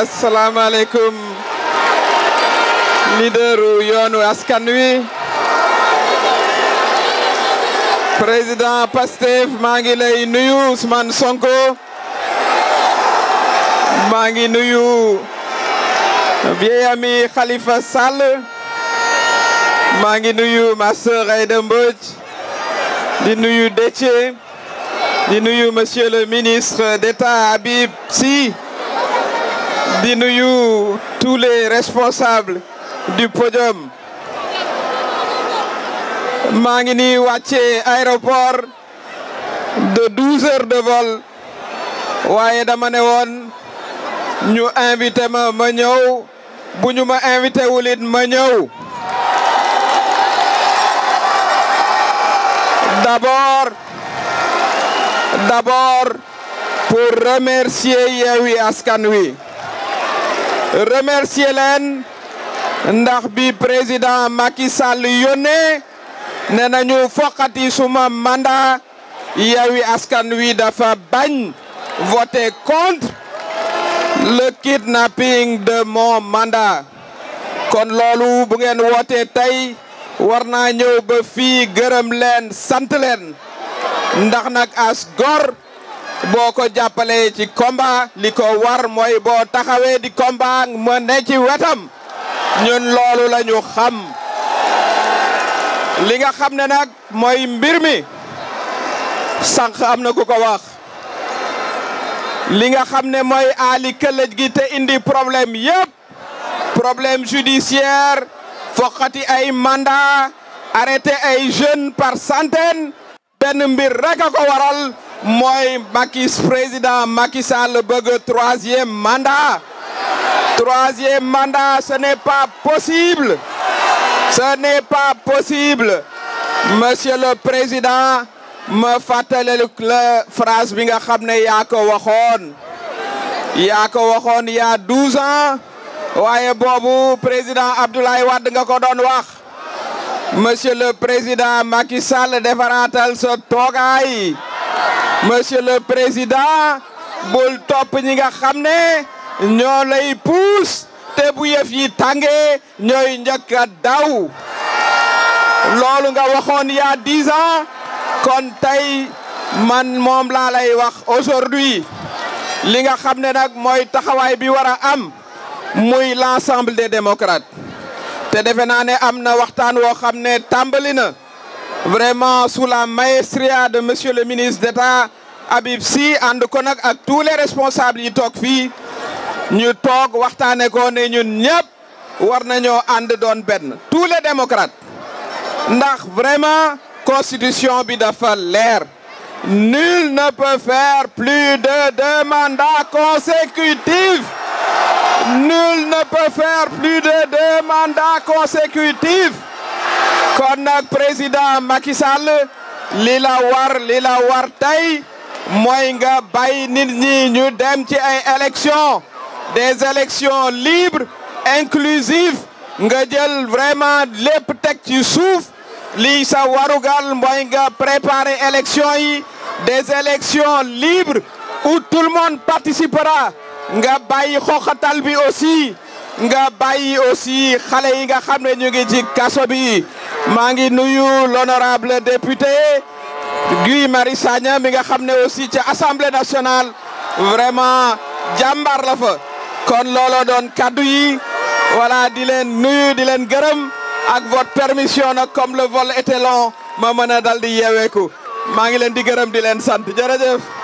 asalaamaaleykum leaderu yoonu askan wi président Pastef maa ngi lay nuyu Ousmane Sonko maa ngi nuyu vieil ami Khalifa Sall maa ngi nuyu ma sœur di nuyu Déthié di nuyu monsieur le ministre d'État Habib si di nuyu tous les responsables du podium maa ngi ni wàccee aéroport de douze heures de vol waaye dama ne woon ñu invité ma ma ñëw bu ñu ma invité wulit ma ñëw d'abord d'abord pour remercier Yewwi Askan Wi remercier leen ndax bi président Macky sàll yone ne nañu foqati suma mandat Yewwi Askan Wi dafa bañ voter contre le kidnapping de mon mandat kon loolu bu ngeen wootee tey war naa ñëw ba fi gërëm leen sant leen ndax nag as gor boo ko jàppale ci combat li ko war mooy boo taxawee di combat ma ne ci wetam ñun loolu la ñu xam li nga xam ne nag mooy mbir mi sànq am na ku ko wax li nga xam ne mooy aali këllëj gi te indi problème yëpp problème judiciaire foqati ay mandat arrêté ay jeunes par centaine benn mbir rek a ko waral mooy Macky président Macky Sall bëgg troisième mandat troisième mandat ce n'est pas possible ce n'est pas possible monsieur le président ma fàttali la phrase bi nga xam ne yaa ko waxoon yaa ko waxoon il y a douze ans waaye boobu président Abdoulaye Wade nga ko doon wax monsieur le président Macky Sall defaraatal sa monsieur le président bul topp ñi nga xam ne ñoo lay puus te bu yëf yi tàngee ñooy njëkk a daw loolu nga waxoon il y a dix ans kon tey man moom laa lay wax aujourd'hui li nga xam ne nag mooy taxawaay bi war a am muy l'ensemble des démocrates te defe naa ne am na waxtaan woo xam ne tàmbali na vraiment su la maestria de monsieur le ministre d'État Habib si ànd ko nag ak tous les responsables yi toog fii ñu toog waxtaane ko ne ñun ñëpp war nañoo ànd doon benn tous les démocrates ndax vraiment constitution bi dafa leer nul ne peut faire plus de deux mandats consécutifs kon nag président Macky Sall li la war la war tey mooy nga bàyyi nit ñi ñu dem ci ay élections des élections libres inclusives nga jël vraiment lépp tek ci suuf lii sa warugal mooy nga préparer élections yi des élections libres où tout le monde participera nga bàyyi xoxatal bi aussi nga bàyyi aussi xale yi nga xam ne ñu ngi ci kaso bi maa ngi nuyu l'honorable député Guy Marius Sagna mi nga xam ne aussi ci assemblée nationale vraiment jàmbaar la fa kon looloo doon kaddu yi voilà di leen nuyu di leen gërëm ak votre permission nag comme le vol était long ma mën a dal di yeeweeku maa ngi leen di gërëm di leen sant jërëjëf